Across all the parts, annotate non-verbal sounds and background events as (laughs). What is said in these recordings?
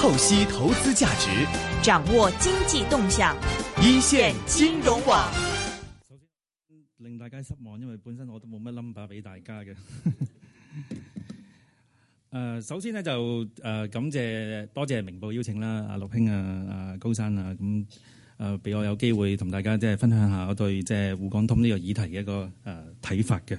透析投資價值，掌握經濟動向，一線金融網。令大家失望，因為本身我都冇乜 number 俾大家嘅。誒、 (laughs) 呃，首先呢，就誒、呃，感謝多謝明報邀請啦，阿陸兄啊，高山啊，咁誒俾我有機會同大家即係分享下我對即係滬港通呢個議題嘅一個誒睇、呃、法嘅。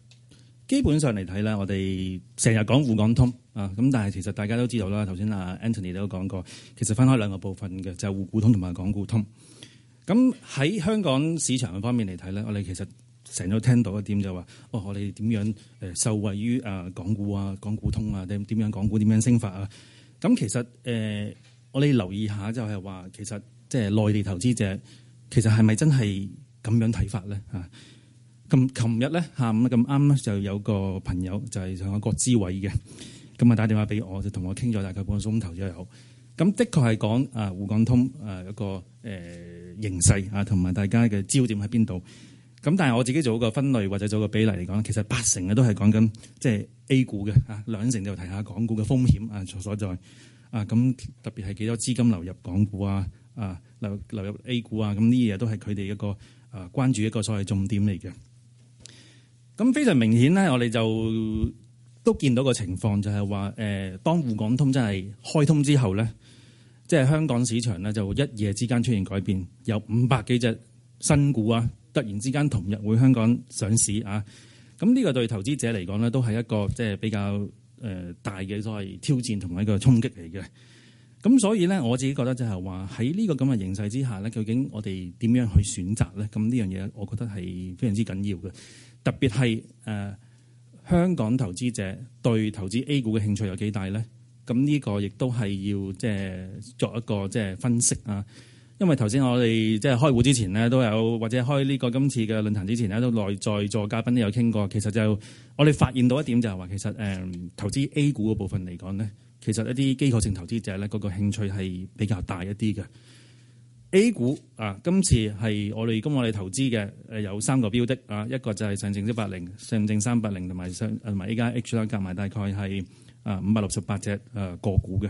基本上嚟睇咧，我哋成日講滬港通啊，咁但係其實大家都知道啦。頭先啊 Anthony 都講過，其實分開兩個部分嘅，就係滬股通同埋港股通。咁喺香港市場嘅方面嚟睇咧，我哋其實成日都聽到一點就係話，哦，我哋點樣誒受惠於啊港股啊港股通啊，定點樣港股點樣升法啊？咁其實誒、呃，我哋留意下就係話，其實即係內地投資者，其實係咪真係咁樣睇法咧？嚇！咁，琴日咧下午咁啱咧，就有個朋友就係、是、上海國資委嘅咁啊，打電話俾我就同我傾咗大概半個鐘頭左右。咁的確係講啊，滬港通啊一個誒、呃、形勢啊，同埋大家嘅焦點喺邊度？咁但係我自己做一個分類或者做一個比例嚟講，其實八成嘅都係講緊即係 A 股嘅啊，兩成就提下港股嘅風險啊，所所在啊。咁特別係幾多資金流入港股啊？啊流流入 A 股啊？咁呢啲嘢都係佢哋一個啊關注一個所謂重點嚟嘅。咁非常明顯咧，我哋就都見到個情況，就係話誒，當滬港通真係開通之後咧，即係香港市場咧就一夜之間出現改變，有五百幾隻新股啊，突然之間同日會香港上市啊。咁呢個對投資者嚟講咧，都係一個即係比較誒大嘅所謂挑戰同埋一個衝擊嚟嘅。咁所以咧，我自己覺得就係話喺呢個咁嘅形勢之下咧，究竟我哋點樣去選擇咧？咁呢樣嘢，我覺得係非常之緊要嘅。特別係誒、呃、香港投資者對投資 A 股嘅興趣有幾大咧？咁呢個亦都係要即係作一個即係、就是、分析啊。因為頭先我哋即係開會之前咧，都有或者開呢個今次嘅論壇之前咧，都內在座嘉賓都有傾過。其實就我哋發現到一點就係、是、話，其實誒、嗯、投資 A 股嘅部分嚟講咧，其實一啲機構性投資者咧，嗰個興趣係比較大一啲嘅。A 股啊，今次係我哋今我哋投資嘅誒有三個標的啊，一個就係上證一八零、上證三八零同埋上同埋 A 加 H 啦，夾埋大概係啊五百六十八隻誒個股嘅。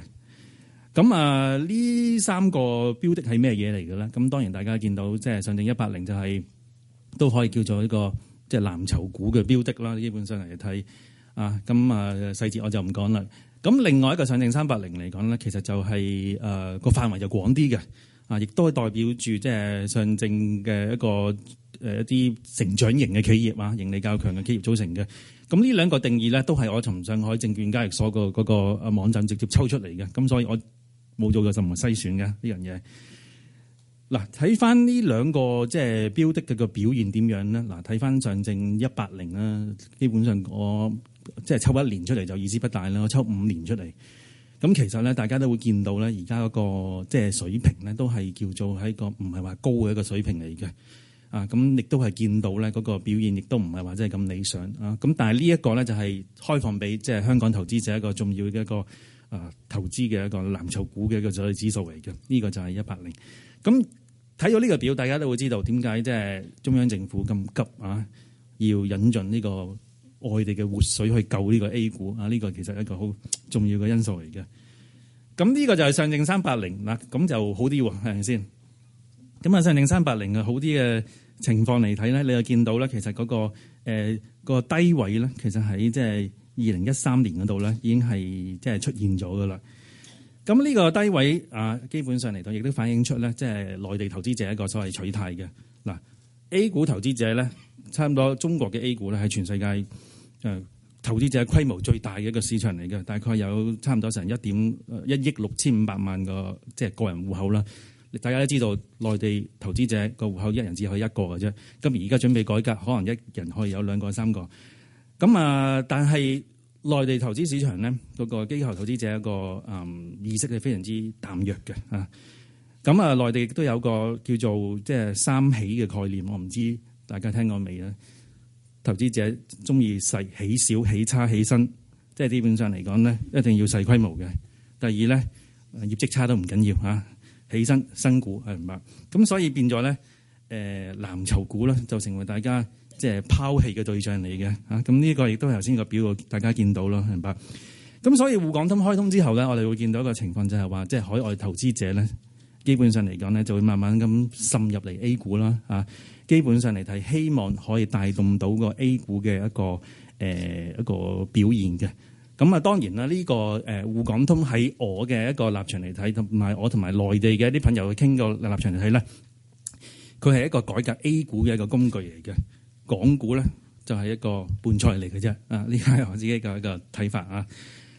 咁啊，呢三個標的係咩嘢嚟嘅咧？咁當然大家見到即係上證一八零就係、是、都可以叫做一個即係藍籌股嘅標的啦。基本上嚟睇啊，咁啊細節我就唔講啦。咁另外一個上證三百零嚟講咧，其實就係誒個範圍就廣啲嘅，啊，亦都代表住即係上證嘅一個一啲、呃、成長型嘅企業啊，盈利較強嘅企業組成嘅。咁呢兩個定義咧，都係我從上海證券交易所個嗰個呃網站直接抽出嚟嘅。咁所以我冇做過任何篩選嘅呢樣嘢。嗱、這個，睇翻呢兩個即係標的嘅個表現點樣咧？嗱，睇翻上證一百零啦，基本上我。即係抽一年出嚟就意思不大啦，我抽五年出嚟，咁其實咧大家都會見到咧，而家嗰個即係水平咧都係叫做喺一個唔係話高嘅一個水平嚟嘅，啊咁亦都係見到咧嗰個表現亦都唔係話真係咁理想啊，咁但係呢一個咧就係、是、開放俾即係香港投資者一個重要嘅一個啊投資嘅一個藍籌股嘅一個指數嚟嘅，呢、這個就係一百零。咁睇到呢個表，大家都會知道點解即係中央政府咁急啊要引進呢、這個外地嘅活水去救呢個 A 股啊，呢、呢個其實一個好重要嘅因素嚟嘅。咁呢個就係上證三八零嗱，咁就好啲喎，係咪先？咁啊，上證三八零嘅好啲嘅情況嚟睇咧，你又見到咧，其實嗰、嗰個誒個低位咧，其實喺即係二零一三年嗰度咧，已經係即係出現咗噶啦。咁呢個低位啊，位基本上嚟到亦都反映出咧，即係內地投資者一個所謂取態嘅嗱。A 股投資者咧，差唔多中國嘅 A 股咧，喺全世界，誒投資者規模最大嘅一個市場嚟嘅，大概有差唔多成一點一億六千五百萬個即係個人戶口啦。大家都知道，內地投資者個戶口一人只可以一個嘅啫。咁而家準備改革，可能一人可以有兩個三個。咁啊，但係內地投資市場咧，嗰個機構投資者一個嗯意識係非常之淡弱嘅啊。咁啊，內地亦都有個叫做即係三起嘅概念，我唔知大家聽過未咧？投資者中意細起少起差起身，即係基本上嚟講咧，一定要細規模嘅。第二咧，業績差都唔緊要嚇，起身新股係唔嘛。咁所以變咗咧，誒藍籌股啦，就成為大家即係拋棄嘅對象嚟嘅嚇。咁、這、呢個亦都係頭先個表，大家見到咯，明白。咁所以滬港通開通之後咧，我哋會見到一個情況就係話，即係海外投資者咧，基本上嚟講咧，就會慢慢咁滲入嚟 A 股啦嚇。基本上嚟睇，希望可以帶動到個 A 股嘅一個誒一個表現嘅。咁啊，當然啦，呢個誒，滬港通喺我嘅一個立場嚟睇，同埋我同埋內地嘅一啲朋友去傾過立場嚟睇咧，佢係一個改革 A 股嘅一個工具嚟嘅，港股咧就係一個伴菜嚟嘅啫。啊，呢個係我自己嘅一個睇法啊。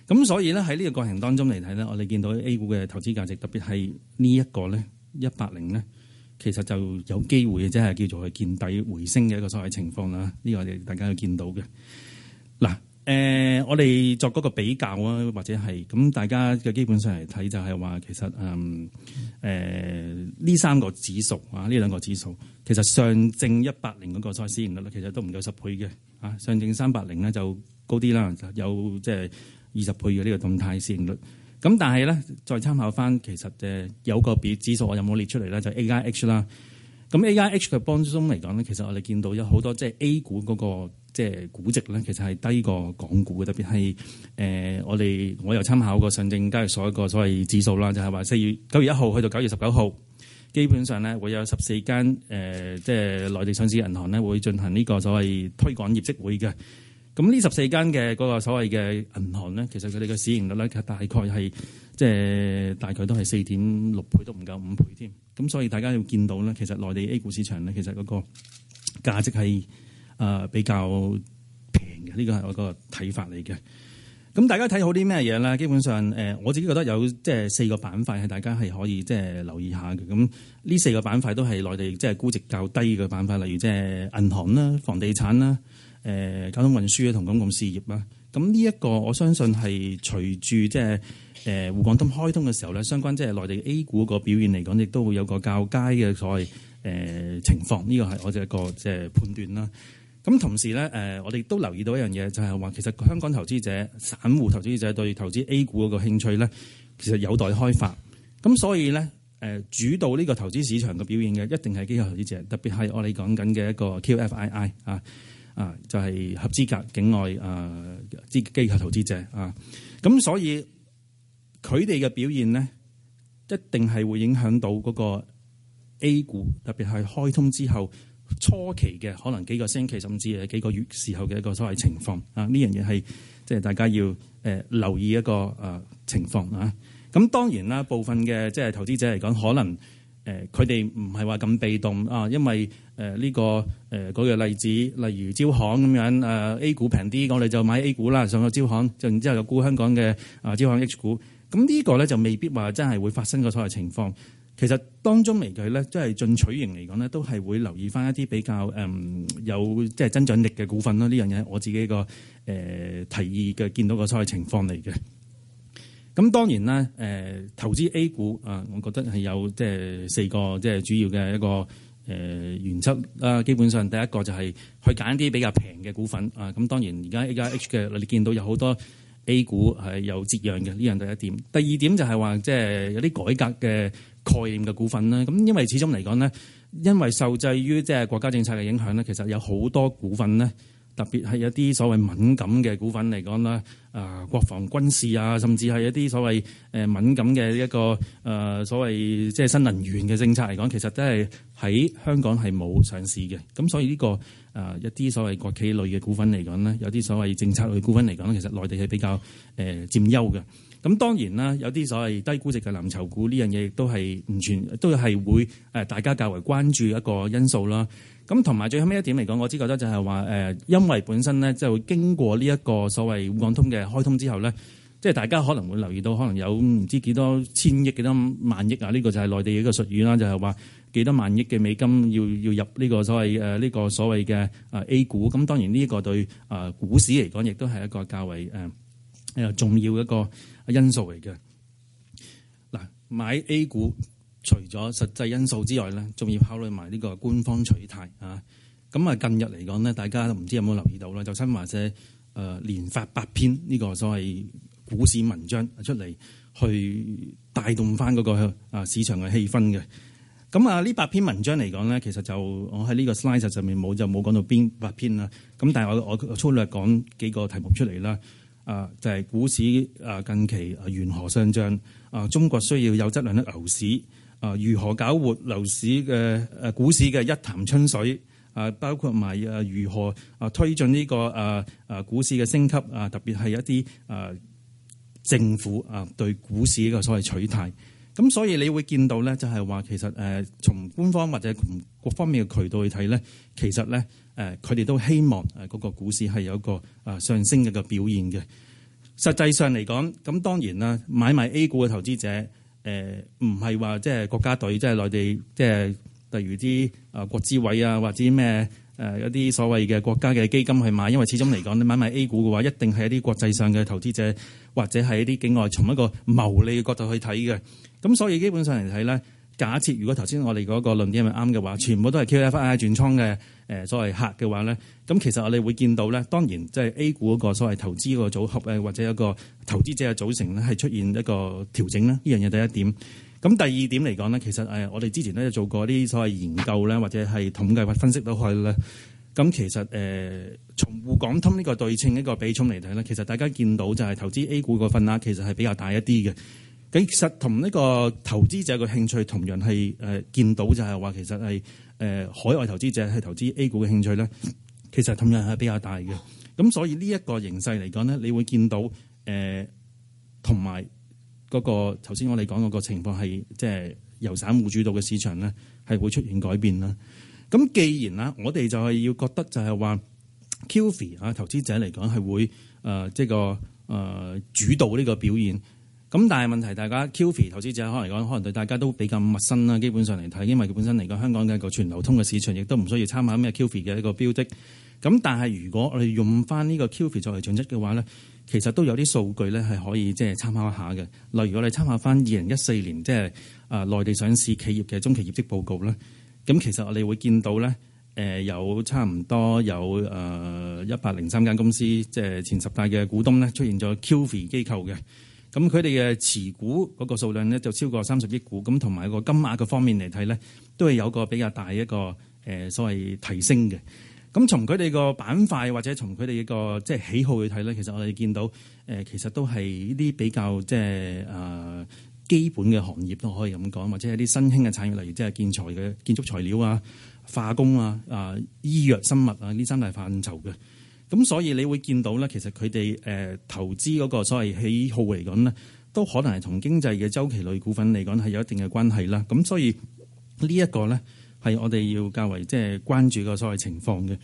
咁所以咧喺呢個過程當中嚟睇咧，我哋見到 A 股嘅投資價值，特別係呢一個咧，一百零咧。其實就有機會，即係叫做見底回升嘅一個所謂情況啦。呢個我哋大家都見到嘅。嗱，誒，我哋作嗰個比較啊，或者係咁，大家嘅基本上嚟睇就係話，其實誒誒呢三個指數啊，呢兩個指數，其實上證一百零嗰個所謂市盈率咧，其實都唔夠十倍嘅。啊，上證三百零咧就高啲啦，有即係二十倍嘅呢個動態市盈率。咁但係咧，再參考翻其實嘅有個別指數，我有冇列出嚟咧？就是、A I H 啦。咁 A I H 嘅幫中嚟講咧，其實我哋見到有好多即係 A 股嗰個即係估值咧，其實係低過港股嘅，特別係誒、呃、我哋我又參考過上證交易所一個所謂指數啦，就係話四月九月一號去到九月十九號，基本上咧會有十四間誒即係內地上市銀行咧會進行呢個所謂推廣業績會嘅。咁呢十四間嘅嗰個所謂嘅銀行咧，其實佢哋嘅市盈率咧，大概係即係大概都係四點六倍都唔夠五倍添。咁所以大家要見到咧，其實內地 A 股市場咧，其實嗰個價值係誒比較平嘅。呢個係我個睇法嚟嘅。咁大家睇好啲咩嘢咧？基本上誒，我自己覺得有即係四個板塊係大家係可以即係留意下嘅。咁呢四個板塊都係內地即係估值較低嘅板塊，例如即係銀行啦、房地產啦。誒、嗯、交通運輸啊，同公共事業啊，咁呢一個我相信係隨住即係誒滬港通開通嘅時候咧，相關即係內地 A 股個表現嚟講，亦都會有個較佳嘅所謂誒、呃、情況。呢個係我哋一個即係判斷啦。咁同時咧，誒、呃、我哋都留意到一樣嘢，就係、是、話其實香港投資者、散戶投資者對投資 A 股嗰個興趣咧，其實有待開發。咁所以咧，誒、呃、主導呢個投資市場嘅表現嘅一定係機構投資者，特別係我哋講緊嘅一個 QFII 啊。啊，就係合資格境外啊資機構投資者啊，咁所以佢哋嘅表現呢，一定係會影響到嗰個 A 股，特別係開通之後初期嘅可能幾個星期，甚至係幾個月時候嘅一個所謂情況啊。呢樣嘢係即係大家要誒留意一個啊情況啊。咁當然啦，部分嘅即係投資者嚟講，可能誒佢哋唔係話咁被動啊，因為，誒呢、呃這個誒嗰、呃那個例子，例如招行咁樣，誒、呃、A 股平啲，我哋就買 A 股啦，上咗招行，就然之後就沽香港嘅啊招行 H 股，咁呢個咧就未必話真係會發生個所謂情況。其實當中嚟講咧，即、就、係、是、進取型嚟講呢，都係會留意翻一啲比較誒、嗯、有即係增長力嘅股份咯。呢樣嘢我自己個誒、呃、提議嘅，見到個所謂情況嚟嘅。咁當然啦，誒、呃、投資 A 股啊，我覺得係有即係四個即係主要嘅一個。誒原則啦，基本上第一個就係去揀啲比較平嘅股份啊，咁當然而家 A 加 H 嘅，你見到有好多 A 股係有折讓嘅，呢樣第一點。第二點就係話即係有啲改革嘅概念嘅股份啦，咁因為始終嚟講咧，因為受制於即係國家政策嘅影響咧，其實有好多股份咧。特別係一啲所謂敏感嘅股份嚟講啦，啊、呃，國防軍事啊，甚至係一啲所謂誒敏感嘅一個誒、呃、所謂即係新能源嘅政策嚟講，其實都係喺香港係冇上市嘅。咁所以呢個啊、呃、一啲所謂國企類嘅股份嚟講咧，有啲所謂政策類嘅股份嚟講，其實內地係比較誒、呃、佔優嘅。咁當然啦，有啲所謂低估值嘅藍籌股呢樣嘢亦都係唔全都係會誒大家較為關注一個因素啦。咁同埋最後尾一點嚟講，我只覺得就係話誒，因為本身咧就經過呢一個所謂滬港通嘅開通之後咧，即係大家可能會留意到，可能有唔知幾多千億、幾多萬億啊！呢個就係內地嘅一個術語啦，就係話幾多萬億嘅美金要要入呢個所謂誒呢個所謂嘅誒 A 股。咁當然呢個對誒股市嚟講，亦都係一個較為誒誒重要嘅一個因素嚟嘅。嗱，買 A 股。除咗實際因素之外咧，仲要考慮埋呢個官方取態啊！咁啊，近日嚟講咧，大家都唔知有冇留意到咧，就新華社誒連發八篇呢個所謂股市文章出嚟，去帶動翻嗰個啊市場嘅氣氛嘅。咁啊，呢八篇文章嚟講咧，其實就我喺呢個 slide 上面冇就冇講到邊八篇啦。咁但係我我粗略講幾個題目出嚟啦。啊，就係股市啊近期如何上漲啊？中國需要有質量嘅牛市。啊，如何搞活樓市嘅誒股市嘅一潭春水？啊，包括埋誒如何啊推進呢個啊啊股市嘅升級啊，特別係一啲啊政府啊對股市嘅所謂取態。咁所以你會見到咧，就係話其實誒從官方或者從各方面嘅渠道去睇咧，其實咧誒佢哋都希望誒嗰個股市係有一個啊上升嘅個表現嘅。實際上嚟講，咁當然啦，買賣 A 股嘅投資者。誒唔係話即係國家隊，即係內地，即係例如啲啊國資委啊，或者咩誒一啲所謂嘅國家嘅基金去買，因為始終嚟講你買埋 A 股嘅話，一定係一啲國際上嘅投資者或者係一啲境外從一個牟利嘅角度去睇嘅，咁所以基本上嚟睇咧。假設如果頭先我哋嗰個論點係啱嘅話，全部都係 QFII 轉倉嘅誒所謂客嘅話咧，咁其實我哋會見到咧，當然即係 A 股嗰個所謂投資個組合誒，或者一個投資者嘅組成咧，係出現一個調整啦。呢樣嘢第一點。咁第二點嚟講咧，其實誒我哋之前咧做過啲所謂研究咧，或者係統計或分析到去咧，咁其實誒、呃、從滬港通呢個對稱一個比重嚟睇咧，其實大家見到就係投資 A 股個份額其實係比較大一啲嘅。其實同呢個投資者嘅興趣同樣係誒見到就係話其實係誒海外投資者係投資 A 股嘅興趣咧，其實同樣係比較大嘅。咁所以呢一個形勢嚟講咧，你會見到誒同埋嗰個頭先我哋講嗰個情況係即係由散戶主導嘅市場咧，係會出現改變啦。咁既然啊，我哋就係要覺得就係話，QFII 投資者嚟講係會誒即個誒主導呢個表現。咁但係問題，大家 QFII 投資者可能嚟講，可能對大家都比較陌生啦。基本上嚟睇，因為佢本身嚟講，香港嘅個全流通嘅市場，亦都唔需要參考咩 QFII 嘅一個標的。咁但係，如果我哋用翻呢個 QFII 作為準則嘅話咧，其實都有啲數據咧係可以即係、就是、參考一下嘅。例如我哋參考翻二零一四年即係啊內地上市企業嘅中期業績報告啦。咁其實我哋會見到咧、呃，有差唔多有誒一百零三間公司，即、就、係、是、前十大嘅股東咧出現咗 QFII 機構嘅。咁佢哋嘅持股嗰個數量咧就超過三十億股，咁同埋個金額嘅方面嚟睇咧，都係有個比較大一個誒所謂提升嘅。咁從佢哋個板塊或者從佢哋一個即係喜好去睇咧，其實我哋見到誒其實都係呢啲比較即係基本嘅行業都可以咁講，或者係啲新興嘅產業，例如即係建材嘅建築材料啊、化工啊、啊醫藥生物啊呢三大範疇嘅。咁所以你會見到咧，其實佢哋誒投資嗰個所謂喜好嚟講咧，都可能係同經濟嘅周期類股份嚟講係有一定嘅關係啦。咁所以呢一個咧，係我哋要較為即係關注個所謂情況嘅，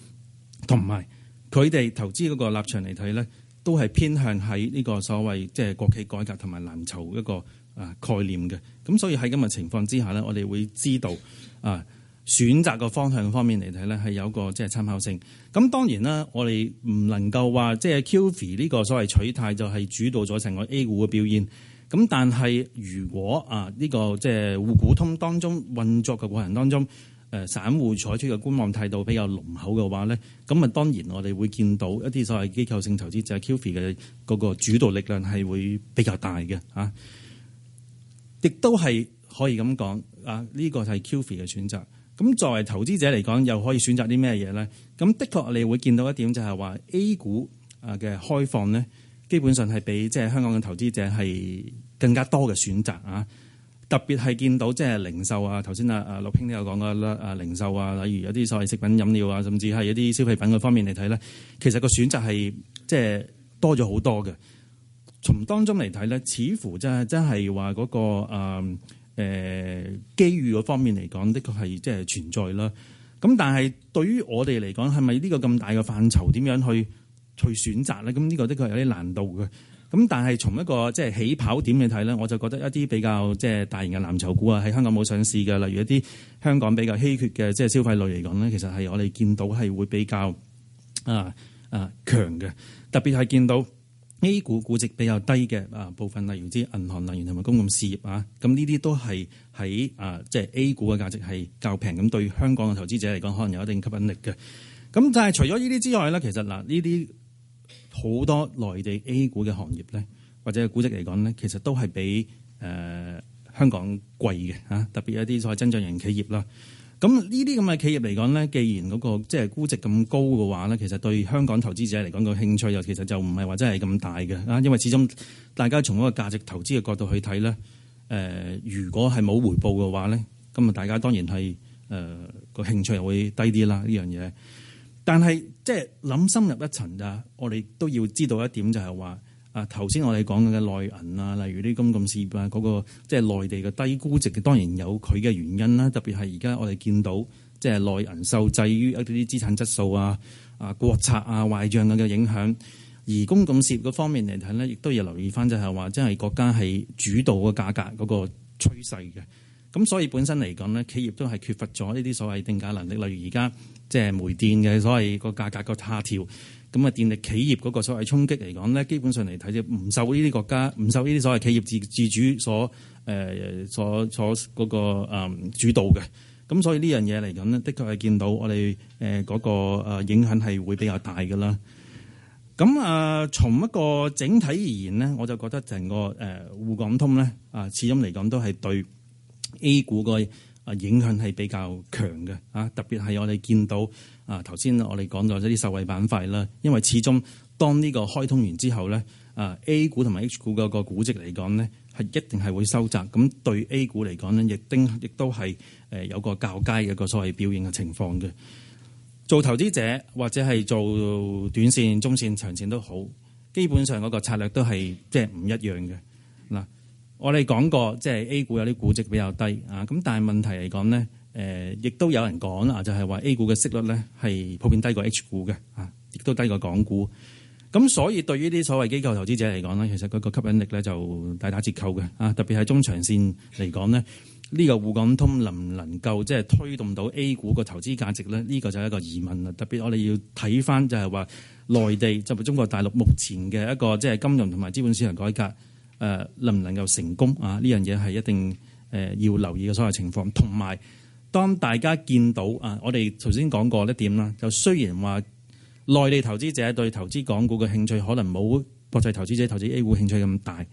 同埋佢哋投資嗰個立場嚟睇咧，都係偏向喺呢個所謂即係國企改革同埋藍籌一個啊概念嘅。咁所以喺今日情況之下咧，我哋會知道啊。選擇個方向方面嚟睇咧，係有個即係參考性。咁當然啦，我哋唔能夠話即係 QFII 呢個所謂取態就係主導咗成個 A 股嘅表現。咁但係如果啊呢個即係滬股通當中運作嘅過程當中，散戶採取嘅觀望態度比較濃厚嘅話咧，咁啊當然我哋會見到一啲所謂機構性投資者係 QFII 嘅嗰個主導力量係會比較大嘅啊。亦都係可以咁講啊，呢個係 QFII 嘅選擇。咁作為投資者嚟講，又可以選擇啲咩嘢咧？咁的確，你會見到一點就係話 A 股啊嘅開放咧，基本上係比即係香港嘅投資者係更加多嘅選擇啊。特別係見到即係零售啊，頭先啊啊陸兄都有講過啦啊，零售啊，例如有啲所謂食品飲料啊，甚至係一啲消費品嘅方面嚟睇咧，其實個選擇係即係多咗好多嘅。從當中嚟睇咧，似乎真係真係話嗰個誒機遇嗰方面嚟講，的確係即係存在啦。咁但係對於我哋嚟講，係咪呢個咁大嘅範疇點樣去去選擇咧？咁呢個的確係有啲難度嘅。咁但係從一個即係起跑點去睇咧，我就覺得一啲比較即係大型嘅藍籌股啊，喺香港冇上市嘅，例如一啲香港比較稀缺嘅即係消費類嚟講咧，其實係我哋見到係會比較啊啊強嘅，特別係見到。A 股估值比較低嘅啊部分，例如啲銀行、能源同埋公共事業啊，咁呢啲都係喺啊即係 A 股嘅價值係較平咁，對香港嘅投資者嚟講可能有一定吸引力嘅。咁但係除咗呢啲之外咧，其實嗱呢啲好多內地 A 股嘅行業咧，或者係估值嚟講咧，其實都係比誒香港貴嘅啊，特別一啲所謂增長型企業啦。咁呢啲咁嘅企業嚟講咧，既然嗰個即係估值咁高嘅話咧，其實對香港投資者嚟講個興趣又其實就唔係話真係咁大嘅啊，因為始終大家從嗰個價值投資嘅角度去睇咧，誒如果係冇回報嘅話咧，咁啊大家當然係誒個興趣又會低啲啦，呢樣嘢。但係即係諗深入一層咋，我哋都要知道一點就係話。啊，頭先我哋講嘅內銀啊，例如啲公共事業啊，嗰個即係內地嘅低估值，當然有佢嘅原因啦。特別係而家我哋見到，即係內銀受制於一啲資產質素啊、啊國策啊、壞帳嘅嘅影響。而公共事業嗰方面嚟睇呢，亦都要留意翻，就係話即係國家係主導嘅價格嗰個趨勢嘅。咁所以本身嚟講呢，企業都係缺乏咗呢啲所謂定價能力。例如而家即係煤電嘅，所謂個價格個下調。咁啊，電力企業嗰個所謂衝擊嚟講咧，基本上嚟睇就唔受呢啲國家、唔受呢啲所謂企業自自主所誒、呃、所所嗰、嗰個誒、嗯、主導嘅。咁所以呢樣嘢嚟講咧，的確係見到我哋誒嗰個誒影響係會比較大嘅啦。咁啊，從、呃、一個整體而言咧，我就覺得成個誒滬、呃、港通咧啊，始終嚟講都係對 A 股個啊影響係比較強嘅啊，特別係我哋見到。啊！頭先我哋講咗一啲受惠板塊啦，因為始終當呢個開通完之後咧，啊 A 股同埋 H 股嗰個估值嚟講咧，係一定係會收窄，咁對 A 股嚟講咧，亦都亦都係誒有個較佳嘅個所謂表現嘅情況嘅。做投資者或者係做短線、中線、長線都好，基本上嗰個策略都係即係唔一樣嘅。嗱，我哋講過即係 A 股有啲估值比較低啊，咁但係問題嚟講咧。誒，亦都有人講啦，就係話 A 股嘅息率咧，係普遍低過 H 股嘅啊，亦都低過港股。咁所以對於啲所謂機構投資者嚟講呢，其實佢個吸引力咧就大打折扣嘅啊。特別係中長線嚟講咧，呢個滬港通能唔能夠即係推動到 A 股個投資價值咧？呢個就係一個疑問啦。特別我哋要睇翻就係話內地就係中國大陸目前嘅一個即係金融同埋資本市場改革，誒能唔能夠成功啊？呢樣嘢係一定誒要留意嘅所謂情況，同埋，當大家見到啊，我哋頭先講過一點啦，就雖然話內地投資者對投資港股嘅興趣可能冇國際投資者投資 A 股興趣咁大，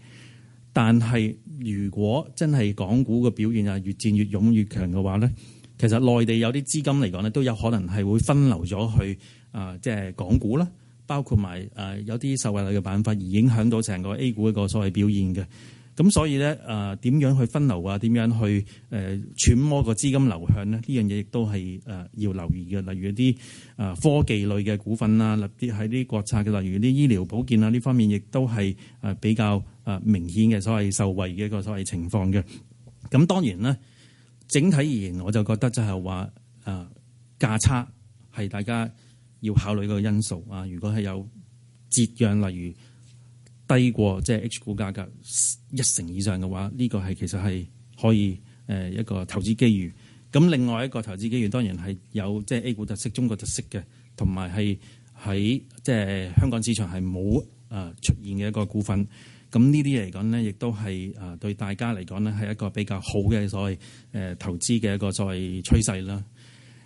但係如果真係港股嘅表現越戰越勇越強嘅話咧，其實內地有啲資金嚟講咧都有可能係會分流咗去啊，即係港股啦，包括埋誒有啲受惠率嘅辦法而影響到成個 A 股一個所謂表現嘅。咁所以咧，誒點樣去分流啊？點樣去誒揣摩個資金流向咧？呢樣嘢亦都係誒要留意嘅。例如一啲誒科技類嘅股份啊，立啲喺啲國策嘅，例如啲醫療保健啊呢方面，亦都係誒比較誒明顯嘅所謂受惠嘅一個所謂情況嘅。咁當然咧，整體而言，我就覺得就係話誒價差係大家要考慮嘅因素啊。如果係有折讓，例如，低過即係 H 股價格一成以上嘅話，呢個係其實係可以誒一個投資機遇。咁另外一個投資機遇，當然係有即係 A 股特色、中國特色嘅，同埋係喺即係香港市場係冇誒出現嘅一個股份。咁呢啲嚟講呢，亦都係誒對大家嚟講呢，係一個比較好嘅所謂誒投資嘅一個所謂趨勢啦。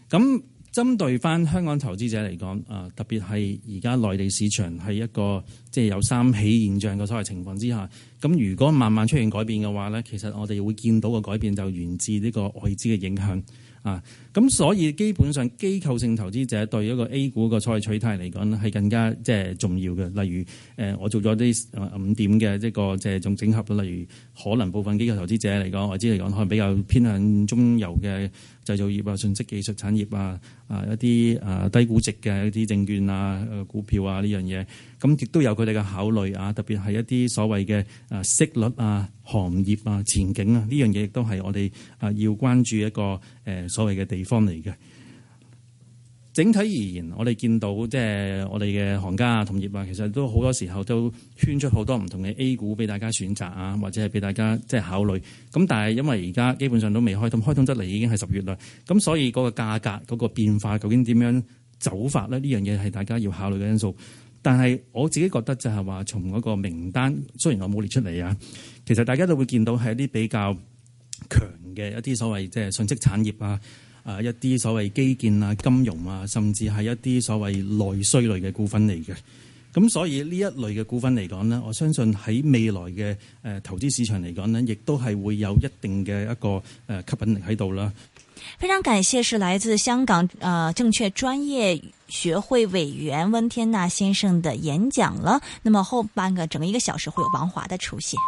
咁針對翻香港投資者嚟講，啊特別係而家內地市場係一個即係有三起現象嘅所謂情況之下，咁如果慢慢出現改變嘅話呢，其實我哋會見到個改變就源自呢個外資嘅影響，啊。咁所以基本上機構性投資者對一個 A 股個賽取態嚟講咧，係更加即係重要嘅。例如誒我做咗啲五點嘅一個即係總整合，例如可能部分機構投資者嚟講，我知嚟講可能比較偏向中游嘅製造業啊、信息技術產業啊、啊一啲啊低估值嘅一啲證券啊、股票啊呢樣嘢。咁亦都有佢哋嘅考慮啊，特別係一啲所謂嘅啊息率啊、行業啊、前景啊呢樣嘢，亦都係我哋啊要關注一個誒所謂嘅地地方嚟嘅。整體而言，我哋見到即係我哋嘅行家同業啊，其實都好多時候都圈出好多唔同嘅 A 股俾大家選擇啊，或者係俾大家即係考慮。咁但係因為而家基本上都未開通，開通得嚟已經係十月啦，咁所以嗰個價格嗰個變化究竟點樣走法咧？呢樣嘢係大家要考慮嘅因素。但係我自己覺得就係話，從嗰個名單，雖然我冇列出嚟啊，其實大家都會見到係一啲比較強嘅一啲所謂即係信息產業啊。啊！一啲所謂基建啊、金融啊，甚至係一啲所謂內需類嘅股份嚟嘅。咁、嗯、所以呢一類嘅股份嚟講呢，我相信喺未來嘅誒、呃、投資市場嚟講呢，亦都係會有一定嘅一個誒、呃、吸引力喺度啦。非常感謝，是來自香港誒證券專業學會委員温天納先生嘅演講啦。那麼後半個整個一個小時會有王華的出現。